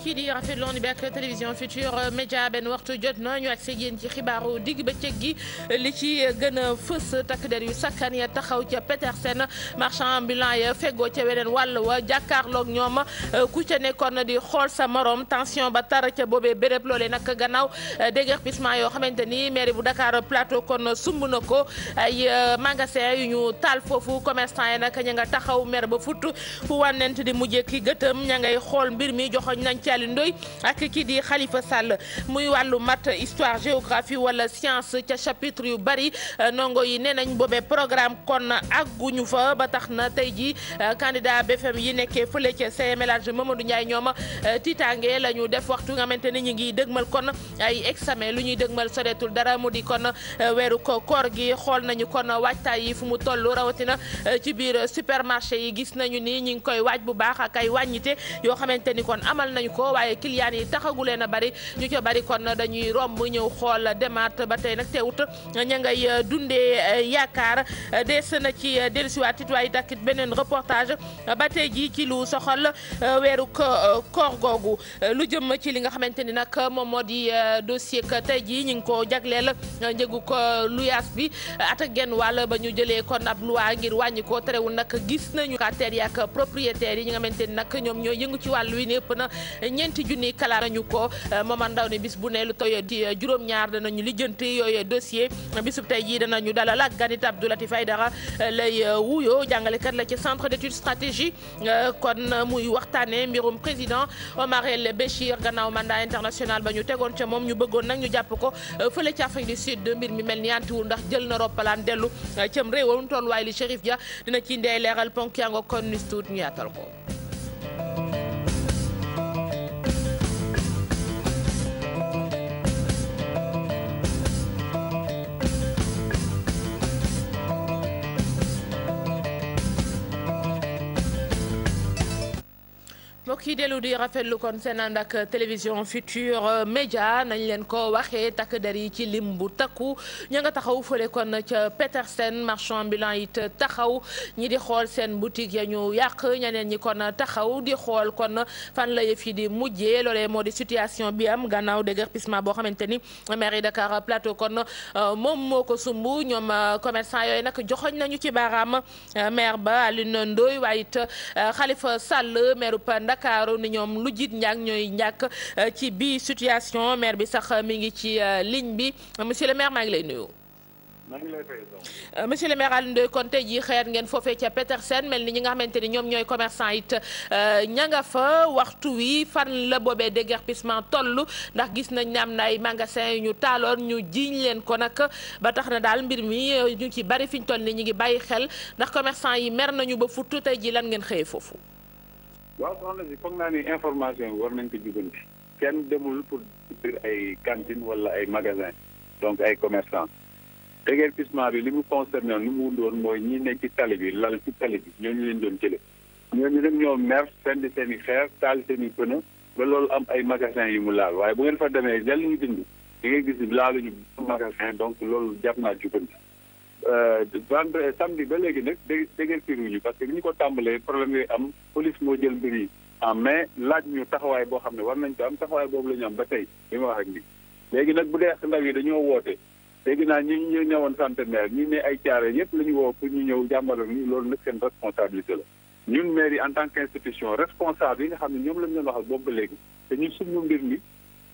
mbokk yi di rafetlu woon bi ak télévision Futurs Médias benn waxtu jot na ñu ak yéen ci xibaaru digg bëccëg gi li ci gën a fës takk der yu sakkan ya taxaw ca Petersen marchand ambulant ya feggoo ca weneen wàll wa jàkkaarloog ñoom ku ca nekkoon di xool sa morom tension ba tar ca boobee béréb loolee nag gannaaw déguerpissement yoo xamante ni mairie bu Dakar Plateau kon sumb na ko ay magasin yu ñu taal foofu commerçant yi nag ña nga taxaw mer ba fut fu ci Alioune Ndoye ak kii di Khalifa Sall muy wàllu mat histoire géographie wala science ca chapitre yu bari euh, ndongo yi nee nañ boobee programme kon àgguñu fa ba tax na tey jii euh, candidat BFM yi nekkee fële ca CML Mamadou Ndiaye ñoom euh, tiitaange la ñu def waxtu nga xamante ni ñu ngi dëgmal kon ay examen lu ñuy dëgmal soreetul dara mu di kon weeru ko koor gi xool nañu kon waajtaay yi fu mu toll rawatina ci biir supermarché yi gis nañu ni ñu ngi koy waaj bu baax ak ay wàññite ko waaye client yi taxagu leen a bari ñu ca bari kon dañuy romb ñëw xool demaat ba tey nag teewut ña ngay dundee eh, yaakaar eh, des na ci eh, dellusiwaat it waaye dakit beneen reportage ba tey jii ci lu soxal weeru koor googu lu jëm ci li nga xamante ni nag moom moo di dossier que tey jii ñu ngi ko jagleel njëgu ko luyaas bi at ak genn wàll ba ñu jëlee kon ab loi ngir wàññi ko terewul nag gis nañu locataires yi ak propriétaires yi ñu nga xamante ni nag ñoom ñooy yëngu ci wàllu wi népp na ñeenti junni kalaat nañu ko euh, Momar Ndao ne bis bu ne lu toyo ci euh, juróom-ñaar danañu lijjanti yooyu dossier bisub tey jii dana ñu dalal ak ganit Abdou Latif Aïdara euh, lay wuyoo jàngalekat la ci centre d'étude stratégie kon muy waxtaane mbirum président Omar El Béchir gannaaw mandat international ba ñu tegoon ca moom ñu bëggoon nag ñu jàpp ko fële ci Afrique du Sud mbir mi mel ni antiwul ndax jël na roppalaan dellu cam réewam tolluwaay li Chérif Dia dina ci ndey leeral ponk yaa nga kon nis ko kii yi dellu di rafetlu kon seen ànd ak télévision Futurs Médias nañ leen ko waxee takk der yi ci lim bu takku ña nga taxaw fële kon ca sen marchand ambulant it taxaw ñi di xool seen boutique ya ñu yàq ñeneen ñi kon taxaw di xool kon fan la yëf yi di mujjee loolee moo di situation bi am gannaaw déguerpissement boo xamante ni mairie Dakar Plateau kon euh, moom moo ko sumb ñoom euh, commerçant yooy nag joxoñ nañu ci baaraam euh, maire ba Alioune Ndoye waaye it Khalifa Sall Ndakaaru ni ñoom lu jiit njaag ñooy njàkk euh, ci bii situation maire bi sax euh, mi ngi ci euh, ligne bi monsieur le maire maa ngi lay nuyu. monsieur le maire Alioune Ndoye kon tey jii xeer ngeen foofee ca Petersen mel ni ñi nga xamante ni ñoom ñooy commerçant it ña nga fa waxtu wi fan la boobee déguerpissement toll ndax gis nañ ne am na ay magasin yu ñu taaloon ñu jiiñ leen ko nag ba tax na daal mbir mi ñu ci bari fi ñu toll ni ñu ngi bàyyi xel ndax commerçant yi mer nañu ba futt tey jii lan ngeen xëyee foofu waaw soxna si foog naa ni information war nañ ko jubanti kenn demul pour biir ay cantine wala ay magasin donc ay commerçant déguerpissement bi li mu concerné woon li mu wundoon mooy ñi ne ci tali bi lal ci tali bi ñooñu leen doon jële ñooñu nag ñoo mer sendi seen i xeer taal seen i a ba loolu am ay magasin yu mu laal waaye bu ngeen fa demee jàll ñu dindi di ngay gis laaluñu magasin donc loolu jàpp naa jubanti Euh, vendredi euh, samedi ba léegi nag dé déguerpiruñu parce que bi ñu ko tàmbalee problème yooyu am police moo jël mbir yi en mais laaj ñu taxawaay boo xam ne war nañ ko am taxawaay boobu lañu am ba tey li ma wax ak nii léegi nag bu dee ndaw yi dañoo woote léegi naa ñi ñu ñëwoon centenaire ñi ne ay caare yëpp la ñu woo pour ñu ñëw jàmbaral ni loolu nag seen responsabilité la ñun maire yi en tant que institution responsable yi nga xam ne ñoom lañ leen waxal boobu ba léegi te ñu sumnu mbir mi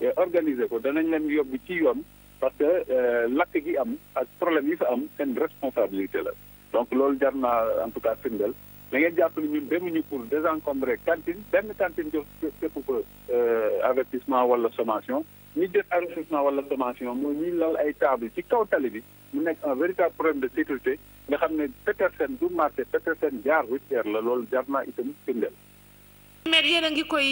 eh, organiser ko danañ leen yóbbu ci yoon parce que euh, lakk gi am ak problème yi fi am seen responsabilité la donc loolu jar naa en tout cas firndeel da ngeen jàpp ni ñu demuñu pour désencombrer cantine benn cantine jox képp ko euh, avertissement wala sommation ñi jël avertissement wala sommation mooy ñu lal ay table ci kaw tali bi mu nekk un véritable problème de sécurité nga xam ne Petersen du marché seen jaar routière la loolu jar naa itam firndeel maire yéen a ngi koy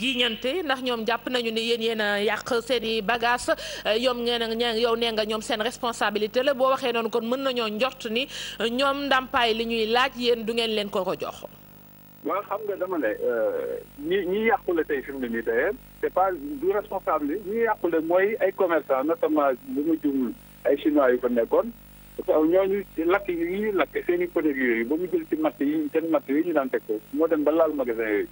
jiiñante ndax ñoom jàpp nañu ni yéen yéen a yàq seeni i bagage yoom ngeen a yow nee nga ñoom seen responsabilité la boo waxee noonu kon mën nañoo njort ni ñoom ndàmpaay li ñuy laaj yéen du ngeen leen ko ko jox waaw xam nga dama ne euh, ñi ñi yàqule tey fi mu ne nii tey c'est pas du responsable bi ñi yàqule mooy ay commerçant notamment bu ma jumul ay chinois yu fa nekkoon ñooñu lakk yi ñu lakk seen i yi yooyu ba mu jël ci matt yi seen yi ñu daan teg moo dem ba laal magasin yooyu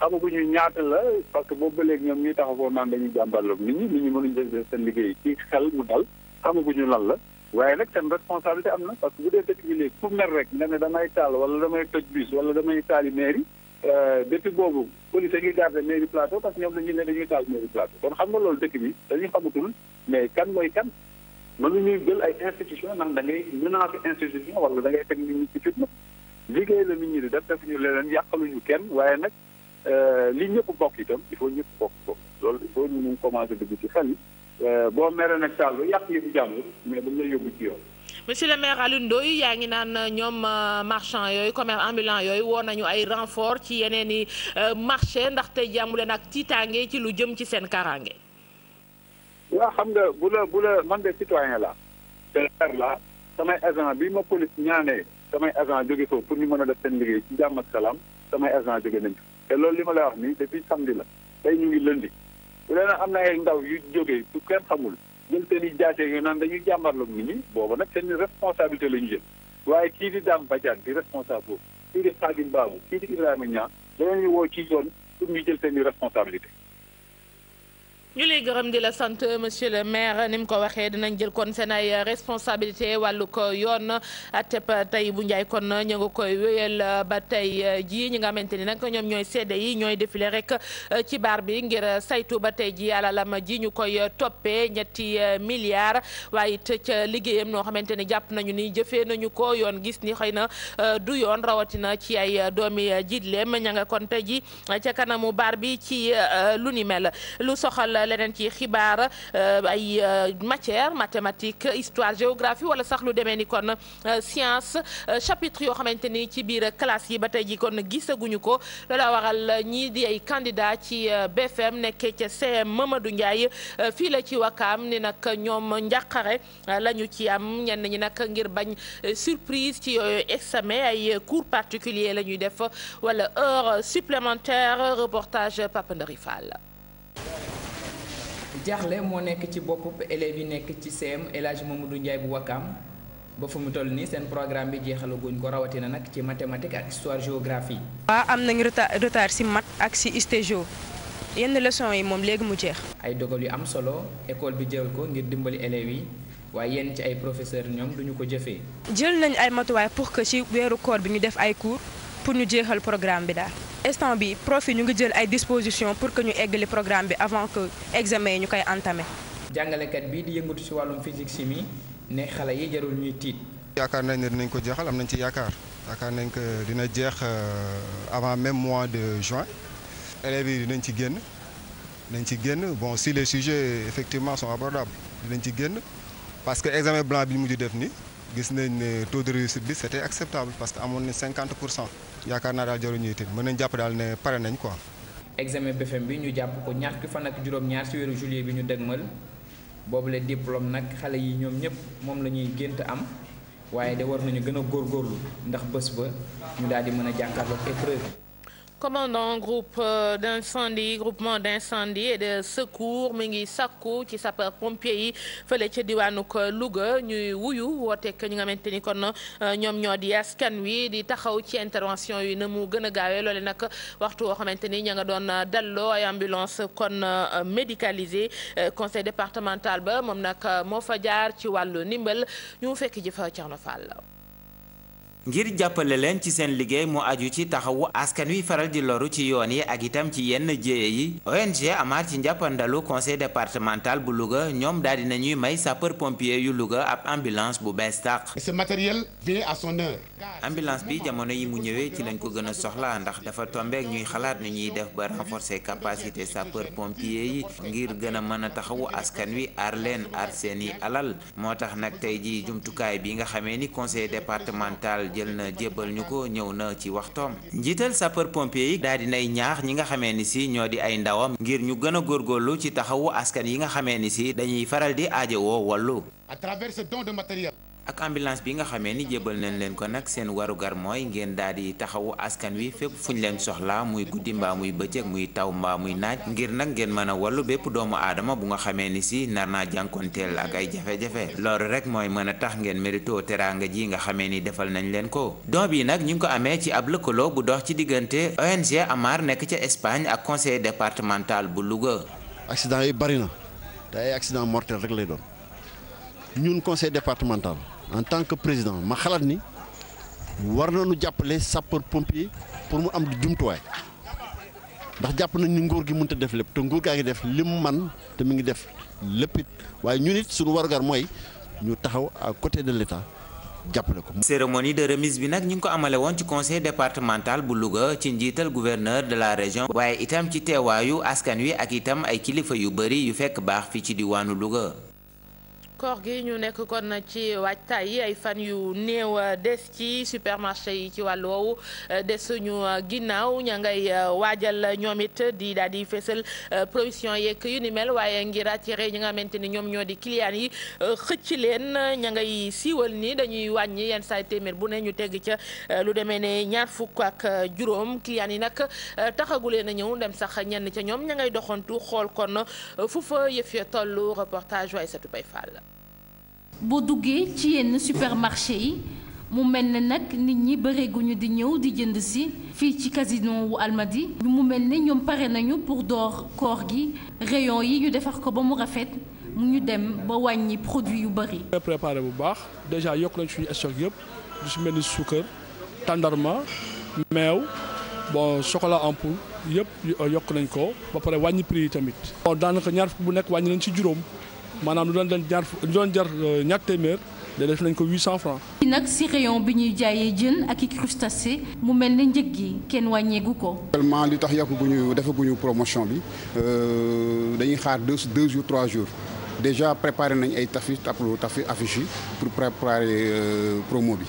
xamaguñu ñaata la parce que boobu ba léegi ñoom ñuy taxawoo naan dañuy jàmbarloog nit ñi nit ñi mënuñ def seen liggéey ci xel mu dal xamaguñu lan la waaye nag seen responsabilité am na parce que bu dee dëkk bi léegi ku mer rek nga ne damay taal wala damay toj euh, boobu police a ngi garde mairie plateau parce ñoom dañuy ne dañuy taal mairie plateau kon xam nga loolu dëkk bi dañuy xamatul mais kan mooy kan mënuñuy jël ay institution ndax da ngay menacer institution wala da ngay teg nit ñi ci fitna liggéey la nit ñi di def defuñu leneen yàqaluñu kenn waaye nag Euh, li ñëpp bokk itam il faut ñëpp bokk ko loolu il faut ñu commencé dugg ci xel yi euh, boo mere nag tàllu yàq yëfu jàmbur mais dañ lay yóbbu ci yoon. monsieur le maire Alioune Ndoye yaa ngi naan ñoom euh, marchand yooyu commerce ambulant yooyu woo nañu ay renfort ci yeneen i marché ndaxte jàmmu leen ak tiitaange ci lu jëm ci seen kaaraange. waaw xam nga bu la bu la man de citoyen la te maire la samay agent bi ma police ñaanee samay agent jóge ko pour ñu mën a def seen liggéey ci jàmm ak agent jóge nañu te loolu li ma lay wax nii depuis samedi la tey ñu ngi lëndi bu dee nag am na ay ndaw yu jóge su kenn xamul jël seen i jaasee yu naan dañuy jàmbarloog nit boobu nag seen responsabilité la ñu jël waaye kii di daam Badiane di responsable boobu kii di Khadim Babou kii di Ibrahima Niang dañu woo ci yoon pour jël seen i responsabilité ñu lay gërëm di la sant monsieur le maire ni mu ko waxee dinañ jël kon seen ay responsabilité wàllu ko yoon atep tey bu njaay kon ñu ngi koy wéyal ba tey ji ñi nga xamante ni nag ñoom ñooy seede yi ñooy défilé rek ci baar bi ngir saytu ba tey ji alalam ji ñu koy toppee ñetti milliards waaye it ca liggéeyam noo xamante ni jàpp nañu ni jëfee nañu ko yoon gis ni xëy na du yoon rawatina ci ay doomi jiitleem ña nga kon tey ji ca kanamu baar bi ci lu ni mel lu soxal leneen ci xibaar euh, ay euh, matière mathématique histoire géographie wala sax lu demee ni kon euh, science chapitre yoo xamante ni ci biir classe yi ba tey ji kon gisaguñu ko loola waral ñii di ay candidat ci BFM nekkee ca CM Mamadou Ndiaye fii la ci am ni nag ñoom njàqare la ci am ñenn ñi nag ngir bañ surprise ci yooyu examen ay cours particulier lañuy ñuy def wala heure supplémentaire reportage Pape jaaxle moo nekk ci bopp élèves yi nekk ci CM El Hadj Mamadou Ndiaye bu Wakam ba fu mu toll nii seen programme bi jeexalaguñ ko rawatina nag ci mathématique ak histoire géographie. waaw am nañu retard retard si mat ak si histoire yenn leson yi moom léegi mu jeex. ay dogal yu am solo école bi jël ko ngir dimbali élèves yi waaye yenn ci ay professeurs ñoom duñu ko jëfee. jël nañ ay matuwaay pour que ci weeru koor bi ñu def ay cours. pour ñu jeexal programme bi daal instant bi prof ñu ngi jël ay dispositions pour que ñu eggali programme bi avant que examen yi ñu koy entamé. jàngalekat bi di yëngatu ci wàllum physique chimie ne xale yi jarul ñuy tiit. yaakaar nañ ne dinañ ko jeexal am nañ ci yaakaar yaakaar nañ que dina jeex euh, avant même mois de juin élèves yi dinañ ci génn dinañ ci génn bon si les sujets effectivement sont abordables dinañ ci génn parce que examen blanc bi ñu mujj gis nañ ne taux de réussite bi c'était acceptable que amoon na cinquante pour cent. yaakaar naa daal jaruñu itam mën nañ jàpp daal ne pare nañ ko examen BFEM bi ñu jàpp ko ñaar fukki fan ak juróom-ñaar ci weeru juillet bi ñu dëgmal boobule diplôme nag xale yi ñoom ñëpp moom la ñuy gént am waaye de war nañu gën a góorlu ndax bés ba ñu daal di mën a jàkkaarloog épreuve commandant groupe euh, d'incendie groupement d'incendie et de secours mu ngi sàkku ci sapeur pompier yi fële ci diwaanu ko euh, Louga ñuy wuyu wooteek ñi nga xamante ni kon euh, ñoom ñoo di askan wi di taxaw ci intervention yi na mu gën a gaawee loole nag waxtu woo xamante ni ña nga doon dalloo ay ambulance kon médicaliser conseil départemental ba moom nag moo fa jaar ci wàllu ndimbal ñu fekk ji fa Thierno ngir jàppale leen ci seen liggéey mu aju ci taxawu askan wi faral di loru ci yoon yi ak itam ci yenn jéye yi ONG amaat ci njàppandalu conseil départemental bu Louga ñoom daal dina ñuy may sapeur pompier yu Louga ab ambulance bu bees tàq. ce matériel vient à son ambulance bi jamono yi mu ñëwee ci lañ ko gën a soxla ndax dafa tombeek ñuy xalaat nu ñuy def ba renforcer capacité sapeur pompier yi ngir gën a mën a taxawu askan wi aar leen aar seeni alal moo tax nag tey jii jumtukaay bi nga xamee ni conseil départemental. Fall jël na jébbal ñu ko ñëw na ci waxtoom njiital sapeur pompier yi daal di nay ñaax ñi nga xamee ni si ñoo di ay ndawam ngir ñu gën a góorlu ci taxawu askan yi nga xamee ni si dañuy faral di aajowoo wallu à travers ce don de matériel ak ambulance bi nga xamee ni jébbal nañ leen ko nag seen warugar mooy ngeen daal di taxawu askan wi fépp fu ñu leen soxla muy guddi mbaa muy bëccëg muy taw mbaa muy naaj ngir nag ngeen mën a wallu bépp doomu aadama bu nga xamee ni si nar naa jànkonteel ak ay jafe-jafe loolu rek mooy mën a tax ngeen mérito teraanga ji nga xamee ni defal nañ leen ko don yi nag ñu ngi ko amee ci ab lëkkaloo bu dox ci diggante ONG Amar nekk ca Espagne ak conseil départemental bu Louga. accident yi bari na te ay accident mortel rek lay en tant que président ma xalaat ni war nu jàppale sapeur pompier pour mu am di jumtuwaay ndax jàpp nañ ni nguur gi mënut a def lépp te nguur gaa ngi def li man te mi ngi def lépp it waaye ñun it suñu warugar mooy ñu taxaw à côté de l'État jàppale ko. cérémonie de remise bi nag ñu ngi ko amale woon ci conseil départemental bu luga ci njiital gouverneur de la région. waaye itam ci teewaayu askan wi ak itam ay kilifa yu bari yu fekk baax fii ci diwaanu Louga. koor gi ñu nekk kon ci waajtaay yi ay fan yu néew euh, des ci supermarché yi ci wàllu woowu euh, des suñu euh, ginnaaw ña ngay waajal ñoom it di daal di fésal provision yeeg yu ni mel waaye ngir attirer ñi nga xamante ni ñoom ñoo di client yi xëcc leen ña ngay siiwal ni dañuy wàññ yenn saa téeméer bu ne ñu tegg ca lu demee ne ñaar fukk ak juróom client yi nag taxagu leen a ñëw dem sax ñenn ca ñoom ña ngay doxantu xool kon fu fa yëf ya toll reportage waaye Satou Bay Fall boo duggee ci yenn supermarché yi mu mel ne nag nit ñi bëreeguñu di ñëw di jënd si fii ci casino wu Almadi mu mel ni ñoom pare nañu pour door koor gi rayon yi ñu defar ko ba mu rafet mu ñu dem ba wàññi produit yu bari préparé bu baax déjà yokk nañ suñu stock yëpp du si mel ni suukar tàndarma meew bon chocolat en poudre yëpp yokk nañ ko ba pare wàññi prix yi tamit. bon daanaka ñaar fukk bu nekk wàññi nañ ci juróom. maanaam lu doon doon jar lu doon jar euh, ñaar téeméer de def nañ ko 800 francs ci nag si rayon bi ñuy jaayee jën ak i crustacé mu mel ne njëg gi kenn wàññeeku ko. actuellement li tax yàqaguñu defaguñu promotion bi euh, dañuy xaar deux deux jours trois jours déjà préparé nañ ay tafi taplu tafi affiche yi pour préparer euh, promo bi.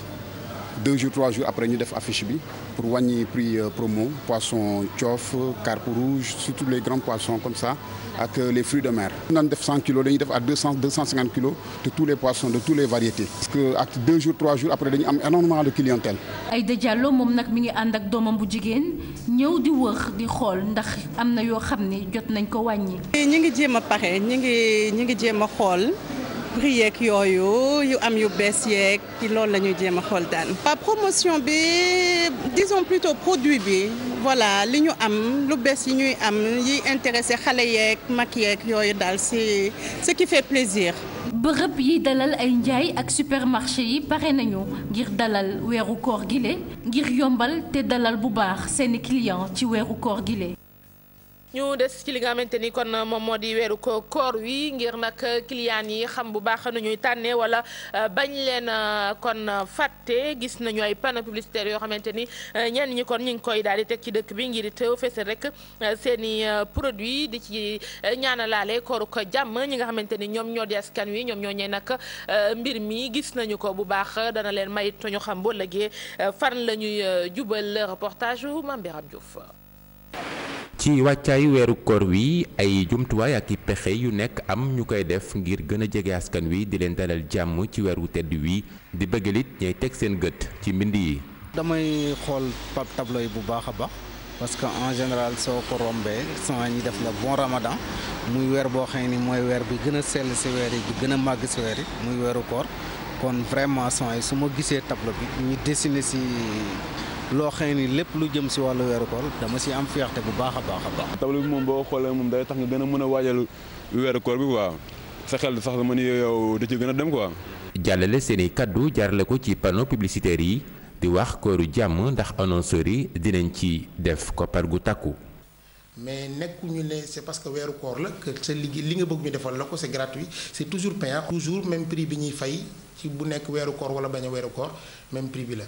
deux jours trois jours après ñu def affiche bi pour wàññi prix euh, promo poisson coof carpe rouge surtout les grands poissons comme ça ak euh, les fruits de mer. ñu naan def 100 kilos dañuy def à 200 250 kilos de tous les poissons de tous les variétés. parce que ak deux jours trois jours après dañu am énormément de clientèle. Aïda Diallo moom nag mi ngi ànd ak doomam bu jigéen ñëw di wër di xool ndax am na yoo xam ne jot nañ ko wàññi. ñu ngi jéem a pare ñu ngi ñu ngi jéem a xool. prix yeeg yooyu yu am yu bees yeeg ci loolu la ñuy jéem a xool daan waa promotion bi disons plutôt produit bi voilà li ñu am lu bees yi ñuy am yi intéressé xale yeeg mag yeeg yooyu daal c'est ce qui fait plaisir bërëb yi dalal ay njaay ak supermarché yi pare nañu ngir dalal weeru koor gile ngir yombal te dalal bu baax seeni client ci weeru koor gile ñu des ci li nga xamante ni kon moom moo di weeru ko koor wi ngir nag client yi xam bu baax nu ñuy tànnee wala euh, bañ leen euh, kon fàtte gis nañu ay panneaux publicitaires yoo xamante ni euh, ñenn ñi kon ñu ngi koy daal di teg ci dëkk bi ngir teew fesal rek seeni produit produits di ci ñaanalaale kooru ko jàmm ñi nga xamante ni ñoom ñoo di askan wi ñoom ñoo ñee nag mbir mi gis nañu ko bu baax dana leen may ñu xam boo lëggee fan lañuy ñuy jubal reportage Mame Biram Diouf ci wàccaayu weeru koor wi ay jumtuwaay ak i pexe yu nekk am ñu koy def ngir gën a jege askan wi di leen dalal jàmm ci weer weeru tedd wi di bëggalit ñay teg seen gët ci mbind yi damay xool pap tableau yi bu baax a baax parce que en général soo ko rombee sama ñu def la bon ramadan muy weer boo xam ni mooy weer bi gën a sell si weer yi bi gën a màgg si weer yi muy weeru koor kon vraiment sama su ma gisee tableau bi ñu dessiné si loo xëy ni lépp lu jëm si wàllu weeru koor dama si am fierté bu baax a baax a baax. tableau bi moom boo xoolee moom day tax nga gën a mën a waajal weeru koor bi quoi sa xel sax dama ni yow da ci gën a dem quoi. jàllale seen i kaddu jaarale ko ci panneau publicitaire yi di wax kooru jàmm ndax annonceurs yi dinañ ci def koppar gu takku. mais nekku ñu ne c'est parce que weeru koor la que sa liggéey li nga bëgg ñu defal la ko c'est gratuit c'est toujours payant toujours même prix bi ñuy fay ci bu nekk weeru koor wala bañ weeru koor même prix bi la.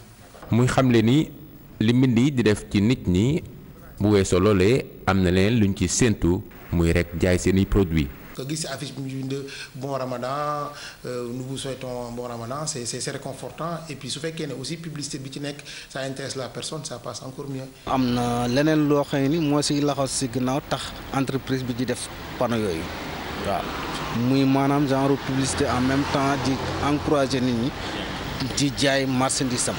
muy xamle ni li mbind yi di def ci nit ñi bu weesoo loolee am na leen luñ ci séentu muy rek jaay seeni produit nga gis affiche bi ñu de bon ramadan euh, nous vous souhaitons bon ramadan c'est c'est réconfortant et puis su fekkee ne aussi publicité bi ci nekk ça intéresse la personne ça passe encore mieux. am na leneen loo xam ni moo si laxas si ginnaaw tax entreprise bi di def panneau yooyu waaw muy maanaam genre publicité en même temps di encourager nit ñi di jaay marchandise am.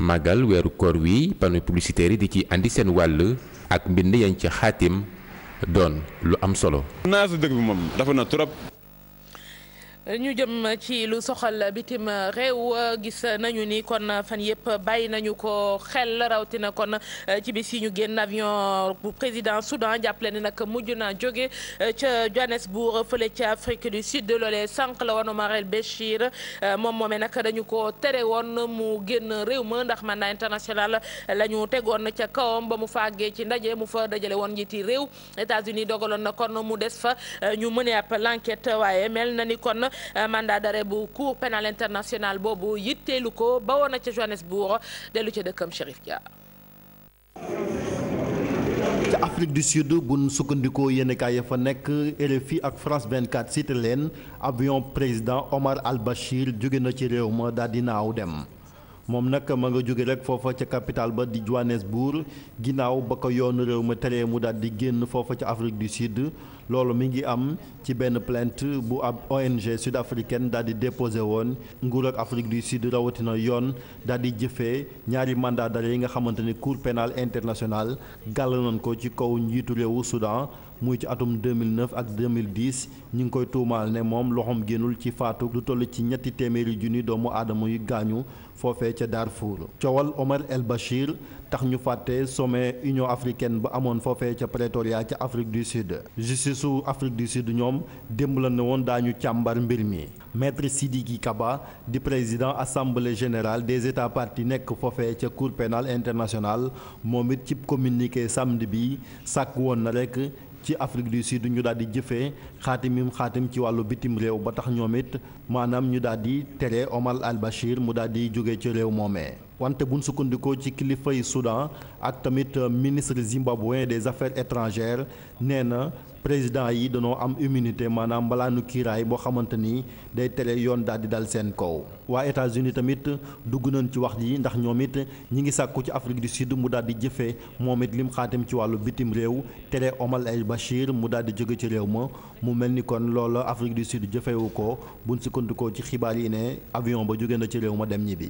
màggal weeru koor wi panneau publicitaire yi di ci indi seen wàll ak mbind yañ ci xaatim doon lu am solo. naa si dëkk bi moom dafa na trop. ñu jëm ci lu soxal bitim réew gis nañu ni kon fan yëpp bàyyi nañu ko xel rawatina kon ci bis yi ñu génn avion bu président Soudan jàppale ni nag mujj na jóge ca Johannesburg fële ci Afrique du Sud loolee sànq la woon Omar El Béchir moom moomee nag dañu ko tere woon mu génn réew ma ndax mandat international la ñu tegoon ca kawam ba mu fa àggee ci ndaje mu fa dajale woon njiiti réew États-Unis dogaloon na kon mu des fa ñu mënee ab l'enquête waaye Euh, mandat d'arrêt bu cour pénal international boobu yitteelu ko ba woon na ca Johannesburg dellu ca dëkkam Chérif Dia. ca Afrique du Sud buñ sukkandikoo yenn fa nekk RFI ak France 24 cité leen avion président Omar al Bashir jóge na ci réew ma daal di naaw dem. moom nag ma nga jóge rek foofa ca capitale ba di Johannesburg ginnaaw ba ko yoonu réew ma teree mu daal di génn foofa ca Afrique du Sud loolu mi ngi am ci benn plainte bu ab ONG sud-africaine daal di déposé woon nguur ak Afrique du Sud rawatina yoon daal di jëfee ñaari mandat d'arrêt yi nga xamante ni Cour pénale internationale gàll ko ci kaw njiitu réew Soudan muy ci atum 2009 ak 2010 ñu ngi koy tuumaal ne moom loxoom génnul ci faatu lu toll ci ñetti téeméeri junni doomu aadama yu gaañu foofee ca Darfour coowal Omar El Bachir tax ñu fàtte sommet Union africaine ba amoon foofee ca Pretoria ca Afrique du Sud justice su Afrique du Sud ñoom démb la ne woon daañu càmbar mbir mi maître Sidiki Kaba di président assemblée générale des états partis nekk foofee ca cour pénale internationale moom it ci communiqué samedi bi sàkk woon na rek ci Afrique du Sud ñu daal di jëfee xaatimim xaatim ci wàllu bitim réew ba tax ñoomit maanaam ñu daal di tere Omar al Bachir mu daal di jóge ci réew moomee wante buñ sukkandikoo ci kilifay Soudan ak tamit ministre zimbabwéen des affaires étrangères nee na président yi dañoo am immunité maanaam mbalaanu kiiraay boo xamante ni day tere yoon daal di dal seen kow waa États-Unis tamit dugg nañu ci wax ji ndax ñoom it ñi ngi sàkku ci Afrique du Sud mu daal di jëfee moom it lim xaatim ci wàllu bitim réew tere Omar El Bachir mu daal jóge ci réew ma mu mel ni kon loola Afrique du Sud jëfewu ko buñ sukkandikoo ci xibaar yi ne avion ba jóge na ci réew ma dem ñibbi.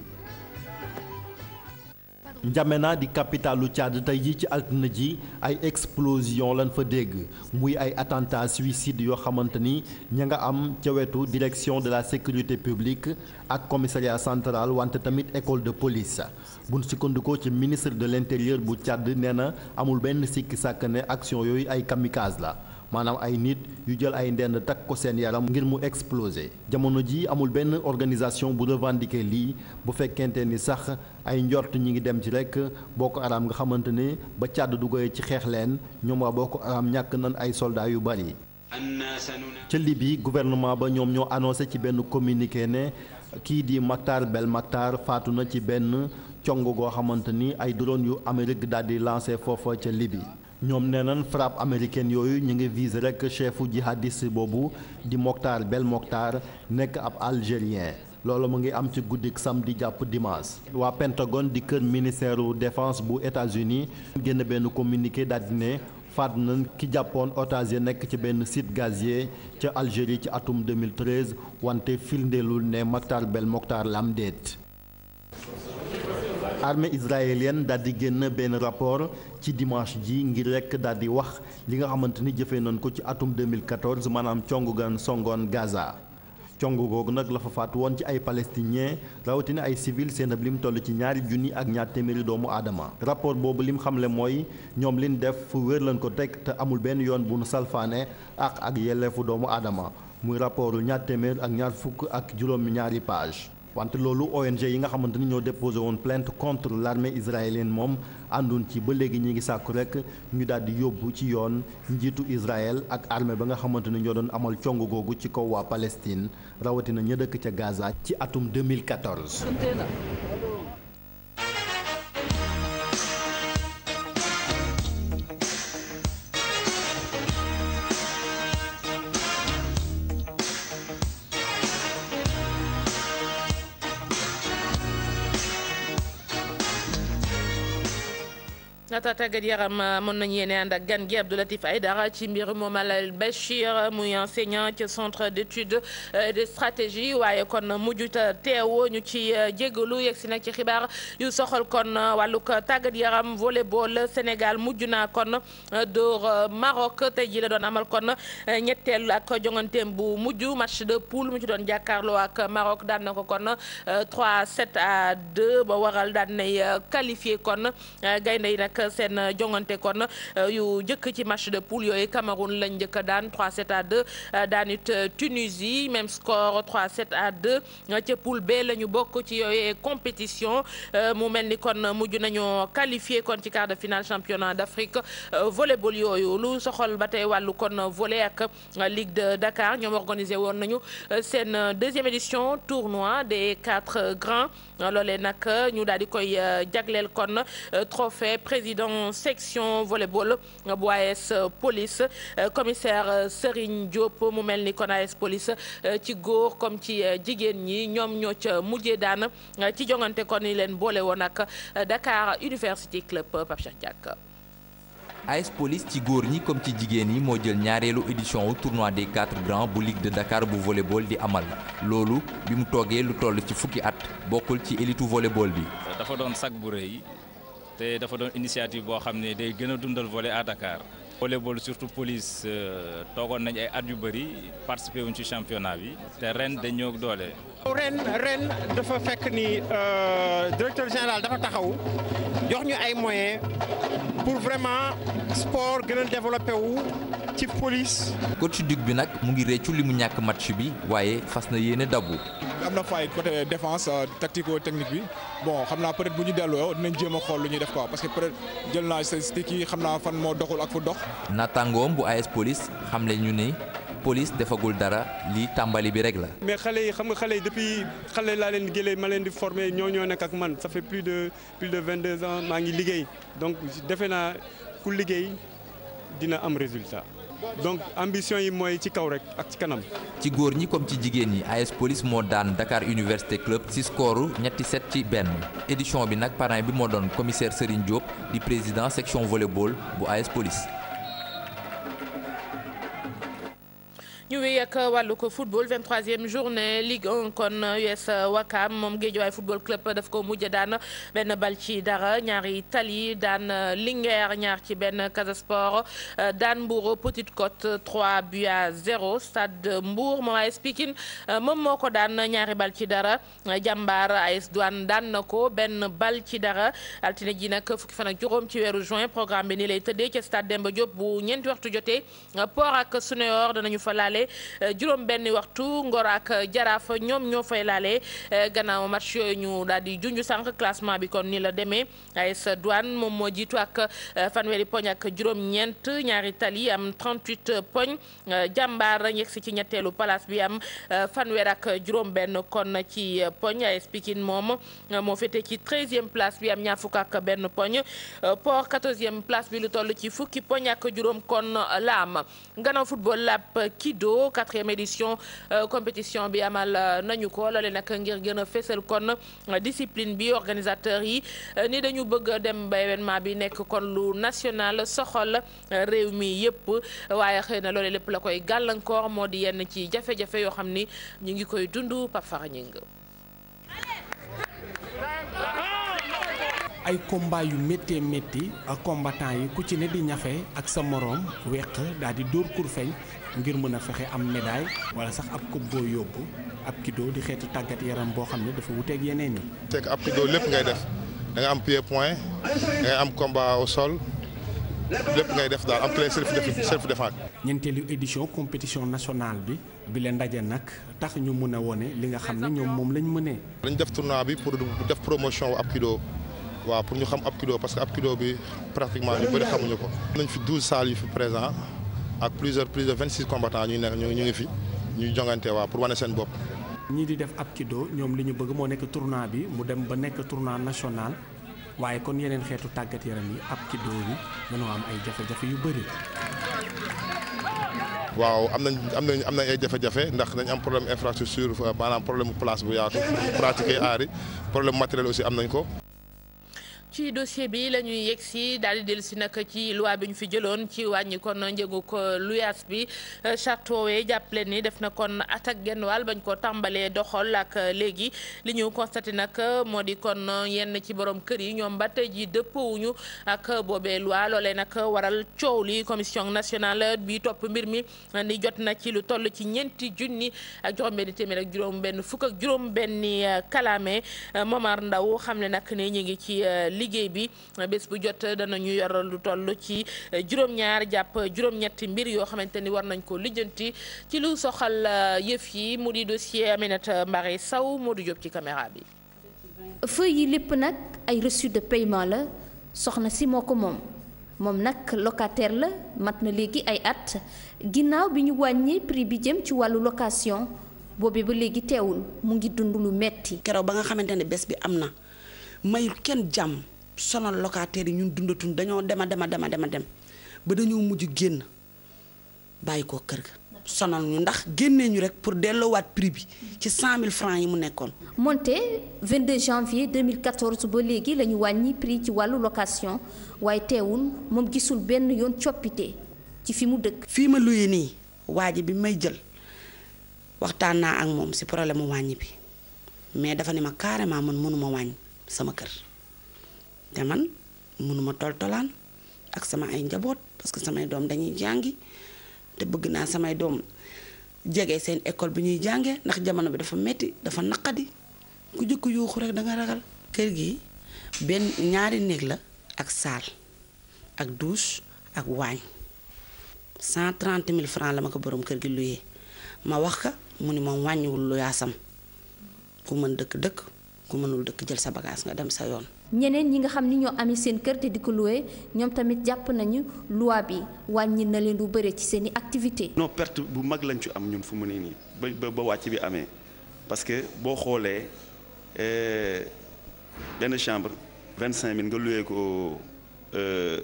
N'Djamena di capitalu càdd tey jii ci altine ji ay explosion lañ fa dégg muy ay attentat suicide yoo xamante ni ña nga am ca wetu direction de la sécurité publique ak commissariat central wante tamit école de police buñ sukkandikoo ci ministre de l'intérieur bu càdd nee na amul benn sikki sàkk ne action yooyu ay kamikaze la maanaam ay nit yu jël ay ndend takk ko seen yaram ngir mu exploser jamono ji amul benn organisation bu revendiquer lii bu fekkente ni sax ay njort ñi ngi dem ci rek Boko araam nga xamante ne ba càdd dugoye ci xeex leen ñoom waa Boko Haram ñàkk nan ay soldaa yu bari ca Libye gouvernement ba ñoom ñoo annoncé ci benn communiqué ne kii di Maktar Belmaktar faatu na ci benn cong goo xamante ni ay drone yu Amérique daal di lancé foofa ca Libye ñoom nee nañ frappe américaine yooyu ñu ngi vise rekk chefu jihadiste boobu di Moctar Bel Moctar nekk ab algérien loolu mu ngi am ci guddik di jàpp dimanche. waa Pentagone di kër ministère défense bu États-Unis génn benn communiqué daal di ne faat nañ ki jàppoon otage ya nekk ci benn site gazier ca Algérie ci atum 2013 wante firndeelul ne Moctar Bel Moctar lam am armée israélienne daal di génn benn rapport ci dimanche ji ngir rek daal di wax li nga xamante ni jëfee noon ko ci atum 2014 maanaam congu gan songoon Gaza congu googu nag la fa faatu woon ci ay palestiniens rawatina ay civil seen ab lim toll ci ñaari junni ak ñaar téeméeri doomu aadama. rapport boobu lim xamle mooy ñoom liñ def fu wér lañ ko teg te amul benn yoon bu nu salfaane ak ak yelleefu doomu aadama muy rapportu ñaar téeméer ak ñaar fukk ak juróom ñaari page. wante loolu ONG yi nga xamante ni ñoo déposé woon plainte contre l'armée israélienne moom àndoon ci ba léegi ñi ngi sàkku rek ñu daal di yóbbu ci yoon njiitu Israël ak armée ba nga xamante ni ñoo doon amal cong googu ci kaw waa Palestine rawatina ña dëkk ca Gaza ci atum 2014. nata tàggat yaram euh, mën nañu yéene ànd ak gan gi Abdou Latif Aïdara ci mbir moom Al Bachir muy enseignant ci centre d'étude euh, de stratégie waaye kon mujj teew ñu ci euh, jégalu yegg si nag ci xibaar yu soxal kon wàllug tàggat yaram volleyball Sénégal mujj naa kon dóor Maroc tey jii la doon amal kon ñetteel ak jonganteem bu mujj match de poule mu ci doon jàkkaarloo ak Maroc daan na ko kon 3 7 à 2 ba waral daan nay qualifié kon gaynde yi nag. seen euh, jongante kon euh, yu njëkk ci match de poule yooyu Cameroun lañ njëkk a daan 3-7 à 2 euh, daan it Tunisie même score 3-7 à 2 ca poule B la bokk ci yooyu compétition mu mel ni kon mujj nañoo qualifié kon ci quart de finale championnat d'Afrique volleyball yooyu lu soxol ba tey wàllu kon volley ak Ligue de Dakar ñoom organisé woon nañu seen deuxième édition tournoi des quatre grands loolee nag ñu daal koy jagleel kon trophée président section volleyball bu AS police commissaire Serigne Diop mu mel ni kon AS police ci góor comme ci jigéen ñi ñoom ñoo ca mujjee daan ci jongante kon ni leen boole woon ak Dakar University Club Pape Cheikh Diack AS Police ci góor ñi comme ci jigéen ñi moo jël ñaareelu édition wu de des quatre grands bu Ligue de Dakar bu volleyball di amal loolu bi mu toogee lu toll ci fukki at bokkul ci élitu volleyball bi. te dafa doon initiative boo xam ne day gën a dundal volet à Dakar. volleyball surtout police euh, toogoon nañ ay at yu bëri participer wuñ ci championnat bi te ren dañoo doole. ren ren dafa fekk ni euh, directeur général dafa taxaw jox ñu ay moyens pour vraiment sport gën a développé wu ci police. coach digg bi nag mu ngi réccu li mu ñàkk match bi waaye fas na yéene dabu. am na faay côté défense euh, tactico technique bi bon xam naa peut être bu ñu delloo dinañ jéem a xool lu ñuy def ko parce que peut être jël naa statistique yi xam naa fan moo doxul ak fu dox. naataangoom bu AS police xam le ñu ne police defagul dara lii tàmbali bi rek la. mais xale yi xam nga xale yi depuis xale laa leen gélee ma leen di former ñoo ñoo nekk ak man ça fait plus de plus de vingt deux ans maa ngi liggéey donc defe naa ku liggéey dina am résultat. donc ambition yi mooy ci kaw rek ak ci kanam. ci góor ñi comme ci jigéen ñi AS Police moo daan Dakar Université Club ci score ñetti set ci benn édition bi nag parent bi moo doon commissaire Serigne Diop di président section volleyball bu AS Police. ñu wéy ak wàllu ko football 23e journée Ligue 1 kon US Wakam moom Guédiawaye football club daf ko mujj daan benn bal ci dara ñaari tali daan Linguère ñaar ci benn Casa daan Mbour Petite Côte 3 buts à 0 Stade Mbour moom AS Pikine moom moo ko daan ñaari bal ci dara Jàmbaar AS Douane daan na ko benn bal ci dara altine ji nag fukki fan ak juróom ci weeru juin programme bi ni lay tëddee ca Stade Demba Diop bu ñeenti waxtu jotee Port ak Suneor laale euh, juróom benni waxtu Ngor ak Jaraaf ñoom ñoo fay laale euh, gannaaw match yooyu ñu daal di junj sànq classement bi kon ni la demee AS Douane moom moo jiitu ak euh, fanweeri poñ ak juróom-ñeent ñaari tali am 38 poñ jàmbaar yegsi ci ñetteelu palace bi am fanweer ak juróom-benn kon ci poñ AS Pikine moom moo féete ci 13e place bi am ñaar fukk ak benn poñ Port 14 place bi lu toll ci fukki poñ ak juróom kon la gannaaw football lab Kido. JO quatrième édition euh, compétition bi amal euh, nañu ko loole nag ngir gën a fésal kon euh, discipline bi organisateur yi ni dañu bëgg dem ba bi nekk kon lu national soxol réew mi yëpp waaye xëy na loole lépp la koy gàllankoor moo di yenn ci jafe yoo xam ni ñu ngi koy dund Pape Fara Gningue ay yi ku ci ne di ñafe ak sa moroom weq daal di dóor kur ngir mën a fexe am médaille wala sax ab coupe boo yóbbu ab kido di xeetu tàggat yaram boo xam ne dafa wuteeg yeneen yi. fekk ab kido lépp ngay def da am pied point da am combat au sol lépp ngay def daal am clé self défense. ñeenteelu édition compétition nationale bi bi leen ndaje nag tax ñu mën a wone li nga xam ne ñoom moom lañ mënee. dañ def tournoi bi pour def promotion ab kido waaw pour ñu xam ab kido parce que ab kido bi pratiquement ñu bëri xamuñu ko. nañ fi douze salles fi présent. ak plusieurs plus de vingt six combattants ñu nekk ñu ngi fi ñuy jongante waa pour wane seen bopp. ñi di def ab kido ñoom li ñu bëgg moo nekk tournoi bi mu dem ba nekk tournoi national waaye kon yeneen xeetu tàggat yaram yi ab kido yi noo am ay jafe-jafe yu bëri. waaw am nañ am nañ am nañ ay jafe-jafe ndax dañ am problème infrastructure maanaam problème place bu yaatu pratiquer aari problème matériel aussi am nañ ko. ci dossier bi la ñuy yegg si daal di dellu si nag ci loi bi ñu fi jëloon ci wàññi kon njëgu ko luyaas bi euh, charte woowee jàpp leen ni def na kon attaque genn wàll bañ koo tàmbalee doxal ak léegi li ñu constaté nag moo di kon yenn ci borom kër yi ñoom ba tey ji dëppowuñu ak boobee loi loolee nag waral coow li commission nationale bi topp mbir mi ni jot na ci lu toll ci ñeenti junni ak juróom-benn téeméer ak juróom-benn fukk ak juróom-benni kalaame Momar Ndaw xam ne nag ñu ngi ci. Euh, liggéey bi bés bu jot danañu yor lu toll ci juróom-ñaar jàpp juróom-ñetti mbir yoo xamante ni war nañ ko lijjanti ci lu soxal euh, yëf yi mu di dossier Aminata Mbaré saw moo di jóg ci caméra bi. feuille lépp nag ay reçu de paiement la soxna si moo ko moom moom nag locataire la mat na léegi ay at ginnaaw bi ñu wàññi prix bi jëm ci wàllu location boobee ba léegi teewul mu ngi dund lu metti keroog ba nga xamante ni bés bi am na. mayul kenn jàmm sonal locataires yi ñun dundatul dañoo dema dema dema dema dem ba dañoo mujj génn bàyyi koo kër ga sonal ñu ndax génnee ñu rek pour delloowaat prix bi ci mille francs yi mu nekkoon. monté 22 janvier 2014 ba léegi la ñu wàññi prix ci wàllu location waaye teewul moom gisul benn yoon coppite ci fi mu dëkk. fii ma luye nii waa ji bi may jël waxtaan naa ak moom si problème mu wàññi bi mais dafa ne ma carrément man mënuma wàññi sama kër te man mënuma toltolaan ak sama ay njaboot parce que samay doom dañuy jàngi te bëgg naa samay doom jege seen école bi ñuy jànge ndax jamono bi dafa metti dafa naqadi ku jëkk yuuxu rek danga nga ragal kër gi benn ñaari néeg la ak saal ak douche ak waañ cent trente mille francs la ma ko boroom kër gi luye ma wax ka mu ni moom wàññiwul luyaasam ku mën dëkk dëkk ku mënul dëkk jël sa bagage nga dem sa yoon. ñeneen ñi nga xam ni ñoo amee seen kër te di ko loué ñoom tamit jàpp nañu loi bi wàññi na leen lu bëre ci seen i activité non perte bu mag lañ ci am ñun fu mu ne nii ba ba wàcc bi amee parce que boo xoolee eh, benn chambre vingt cinq mille nga loué ko euh,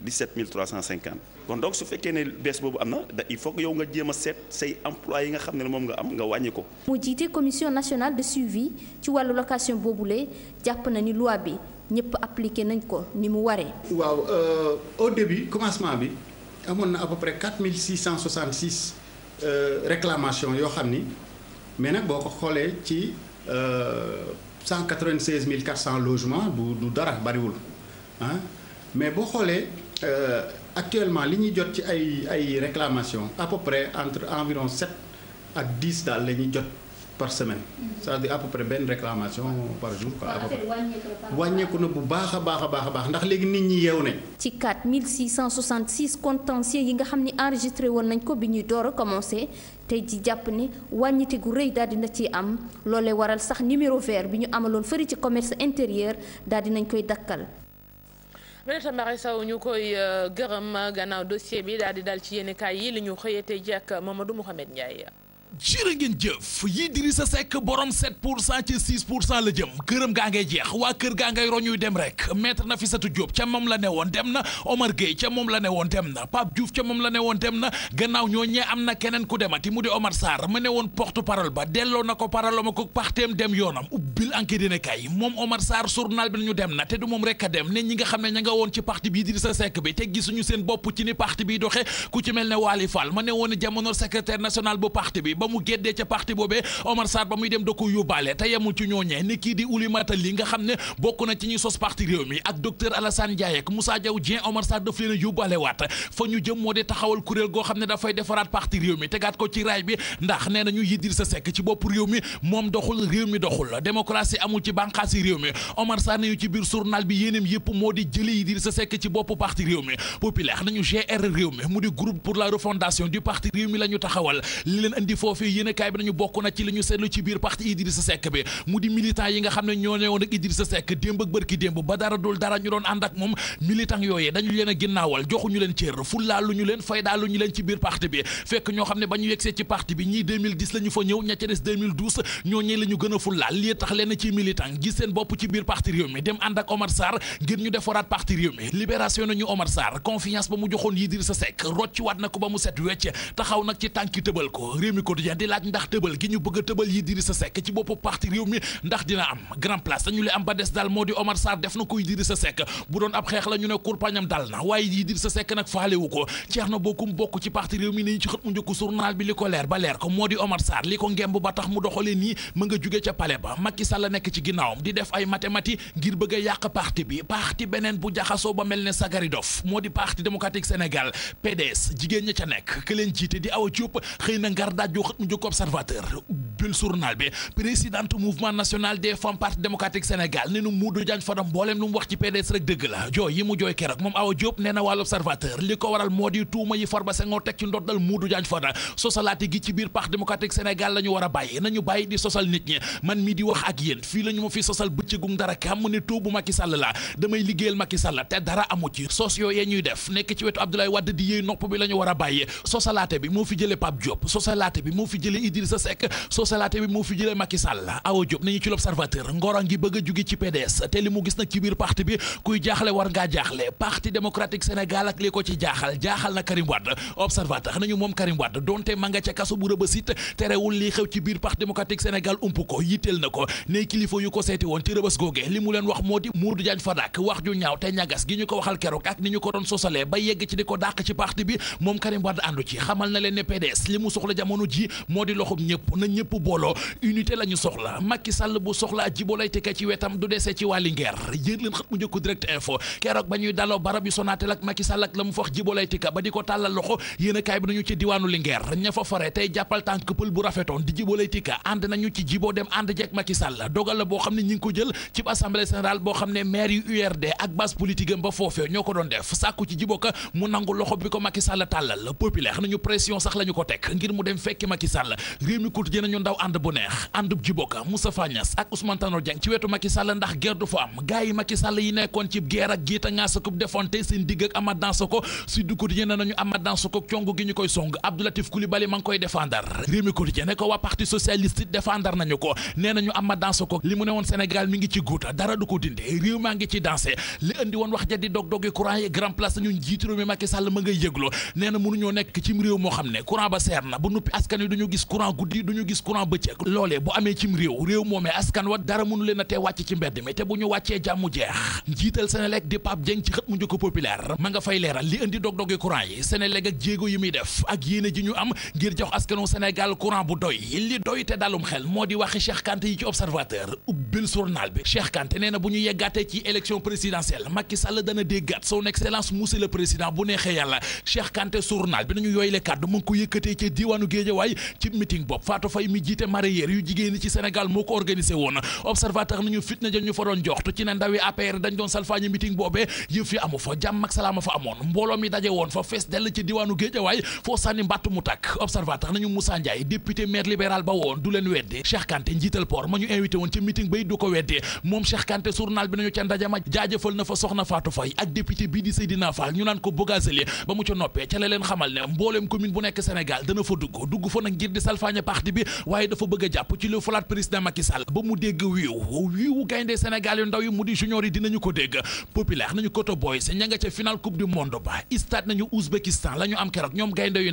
dix sept mille trois cent cinquante kon donc su fekkee ne bees boobu am na da il faut que yow nga jéem a seet say emploi yi nga xam ne moom nga am nga wàññi ko. mu jiite commission nationale de suivi ci wàllu location boobule jàpp na ni loi bi ñëpp appliqué nañ ko ni mu waree. waaw euh, au début commencement bi amoon na à peu près 4666 euh, réclamation yoo xam ni mais nag boo ko xoolee ci 196 euh, 400 logements du du dara bariwul ah mais boo xoolee. actuellement li ñuy jot ci ay ay réclamations à peu près entre environ sept ak dix daal la ñuy jot par semaine. Mm-hmm. c'est-à-dire près benn réclamation par jour quoi. à wàññeeku na bu baax a baax a baax a baax ndax léegi nit ñi yeew nañ. ci 4666 contentieux yi nga xam ni enregistré woon nañ ko bi ñuy door a commencé tey ji jàpp ni wàññite gu rëy daal dina ci am loolee waral sax numéro vert bi ñu amaloon fëri ci commerce intérieur daal nañ koy dakkal. Aminata Mbaye Sow ñu koy euh, gërëm gannaaw dossier bi daal di dal ci yéenekaay yi li ñu xëyatee ji ak Mamadou Mouhamed Ndiaye. jërë ngeen jëf yi Idrissa Seck borom 7 pour cent ci 6 pour cent la jëm këram gaa ngay jeex waa kër gaa ngay roñuy dem rek maître Nafissatou Diop ca moom la ne woon dem na Omar Gueye ca moom la ne woon dem na Pape Diouf ca moom la ne woon dem na gannaaw ñooñee am na keneen ku demati mu di Omar Sarr ma ne woon porte parole ba delloo na ko parole ma ko parteem dem yoonam ubbil enquête moom Omar Sarr journal bi nañu dem na te du moom rek a ne ñi nga xam ne ña nga woon ci parti bi Idrissa Seck bi te gisuñu seen bopp ci ni parti bi doxe ku ci mel ne Waly Fall ma ne woon jamono secrétaire national bu parti bi ba mu géddee ca parti boobee Omar Sarr ba muy dem da ko yóbbaale te yemul ci ñooñee ni kii di Oulimata Ly nga xam ne bokk na ci ñuy sos parti réew mi ak docteur Alassane Ndiaye ak Moussa Diaw Dieng Omar Sarr daf leen a yóbbaale waat ñu jëm moo di taxawal kuréel goo xam ne dafay defaraat parti réew mi tegaat ko ci raay bi ndax nee nañu Idrissa Seck ci bopp réew mi moom doxul réew mi doxul démocratie amul ci bànqaas yi réew mi Omar Sarr nañu ci biir journal bi yéenam yëpp moo di jëlee Idrissa Seck ci bopp parti réew mi populaire nañu GR réew mu di groupe pour la refondation du parti réew mi la ñu taxawal li leen indi foofu foofee yéen a kaay bi nañu bokk na ci li ñu ci biir parti Idrissa Seck bi mu di militant yi nga xam ne ñoo newoon ak Idrissa Seck démb ak bërki démb ba dara dul dara ñu doon ànd ak moom militant yooyee dañu leen a ginnaawal joxuñu leen cër fullaa lu ñu leen faydaa lu ñu leen ci biir parti bi fekk ñoo xam ne ba ñu yegsee ci parti bi ñii 2010 la ñu fa ñëw ña ca des 2012 ñoo ñee la ñu a fullaal lii tax leen ci militant gis seen bopp ci biir parti réew mi dem ànd quotidien di laaj ndax tëbal gi ñu bëgg a tëbal yi Idrissa Seck ci boppu parti réew mi ndax dina am grand place dañu li am ba des daal moo di Omar Sarr def na ko Idrissa Seck bu doon ab xeex la ne kurpañam dal na waaye Idrissa Seck nag faalewu ko Thierno Bocoum bokk ci parti réew mi ni ci xët mu njëkk journal bi li ko leer ba leer ko moo di Omar Sarr li ko ngemb ba tax mu doxalee nii ma nga jóge ca palais ba Macky Sall nekk ci ginnaawam di a xët mu njëkk observateur bil journal bi présidente mouvement national des femmes parti démocratique Sénégal ne nu Modou Diagne Fada mbooleem lu mu wax ci PDS rek dëgg la jooy yi mu jooy keroog moom Awa Diop nee na observateur li ko waral moo di tuuma yi Farba Senghor teg ci ndoddal Modou Diagne Fada sosalaati gi ci biir parti démocratique Sénégal la ñu a bàyyi nañu bàyyi di sosal nit ñi man mii di wax ak yéen fii la ma fi sosal bëccëgum dara kàmm a bi moo fi jëlee Idrissa Seck sosalaate bi moo fi jëlee Macky Sall Awa Diop nañu ci l'observateur ngora ngi bëgg a jóge ci PDS te li mu gis nag ci biir parti bi kuy jaaxle war ngaa jaaxle parti démocratique Sénégal ak li ko ci jaaxal jaaxal na Karim Wade observateur ñu moom Karim Wade donte ma nga ca kaso bu rëba sit terewul lii xew ci biir parti démocratique Sénégal ump ko yitteel na ko ne kilifa yu ko seeti woon ci rëbës googe li mu leen wax moo di Modou Diagne Fada ko waxal keroog ak ni ñu ko doon yegg ci di ko dàq na leen ne PDS jamono ji ji moo di loxoom ñëpp na ñëpp booloo unité la soxla Macky Sall bu soxlaa Djibo Leyti Ka ci wetam du desee ci waa Linguère yéen xët mu njëkk direct info keroog ba ñuy daloo barab yu Sonatel ak Macky Sall ak la mu fa wax Djibo Leyti Ka ba di ko tàllal loxo yéen a kaay bi nañu ci diwaanu Linguère ña fa fare tey jàppal tànk pël bu rafetoon di Djibo Leyti Ka ànd nañu ci Djibo dem ànd jeeg Macky dogal la boo xam ne ñi ko jël ci assemblée générale boo xam Macky Sall koy song Abdou Latif Coulibaly ma ngi koy défendre réew réew maa ngi ci dansé li andi woon wax ja di dog dogi courant yi grand place nañu njiitu mi ma ngay yëgloo nee mënuñoo nekk ci réew moo xam ne courant ba seer na ba nuppi askan du ñu gis courant guddi du ñu gis courant bëccëg loolee bu amee cim réew réew moomee askan wa dara mënu leen a tee wàcc ci mbedd mi te bu ñu wàccee jàmm jeex njiital Senelec di Pape Dieng ci xët mu njëkk populaire ma nga fay leeral li indi dog-dogi courant yi Senelec ak jéego yi muy def ak yéene ji ñu am ngir jox askanu Sénégal courant bu doy li doy te dalum xel moo di waxi Cheikh Kanté yi ci observateur ubbil journal bi Cheikh Kanté nee bu ñu yeggaatee Faye ci meeting bopp Fatou Faye mi jiite mareyeur yu jigéen ci Sénégal moo ko organisé woon observateur nañu fitna ja ñu fa doon joxtu ci ne ndawi APR dañ doon salfaañi meeting boobee yëf yi amu fa jàmm ak fa amoon mbooleem commune bu nekk Sénégal dana fa dugg dugg fa ko nag ngir di salfaañe parti bi gaynde yu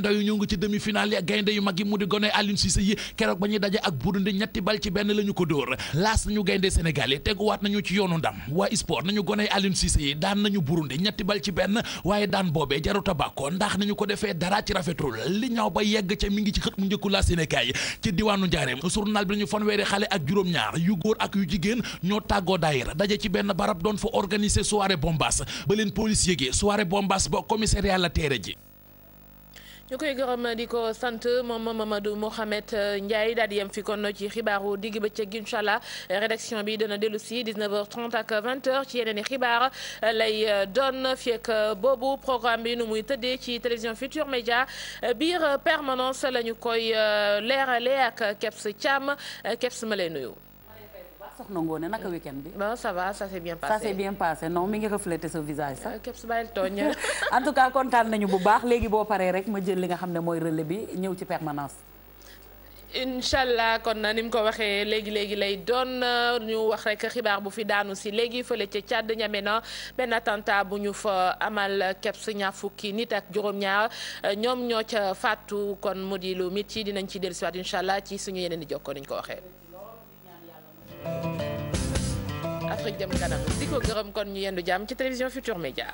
ndaw yi ñu ngi ci demi finale yi gaynde yu mag yi mu di gone Aliou Cissé yi keroog ba ñuy daje ak Burundi ñetti bal ci benn waaye daan boobe boobee jaruta bàkkoo ndax ni ñu ko defee dara ci rafetul li ñaw ba yegg ca mu ngi ci xët mu njëkku la Sénégal ci diwaanu Njaareem journal bi la ñu fanweeri xale ak juróom-ñaar yu góor ak yu jigéen ñoo tàggoo daayira daje ci benn barab doon fa organiser soirée bombas ba leen police yëgee soirée bombas ba commissariat la teere ji ñu koy gërëm di ko sant moom Mamadou Mohamed euh, Ndiaye daal yem fi kon ci xibaaru digg bëccëg incha allah rédaction bi dana dellu si 19h30 ak 20 ci yeneen i xibaar lay euh, doon fii ak euh, boobu programme bi nu muy tëddee ci télévision Futur Média biir permanence la ñu koy leerale ak Kebs Thiam Kebs ma lay nuyu. soxna Ngoné naka eh, weekend bi. non ça va ça s'est bien passé non mi ngi refléter sa visage sax. Ah, képp su bàyyil en tout cas kontaan nañu bu baax léegi boo paree rek ma jël li nga xam ne mooy relais bi ñëw ci permanence. incha allah kon ni mu ko waxee léegi léegi lay doon ñu wax rek xibaar bu fi daanu si léegi fële ca Tchad ñame na benn attentat bu ñu fa amal keps ñaar fukki nit ak juróom-ñaar ñoom ñoo ca faatu kon mu di lu mit ci dinañ ci dellusiwaat incha allah ci suñu yeneen i jokkoo ni ko waxee. Afrique jëm kanam di ko gërëm kon ñu yendu jàmm ci télévision Futur Média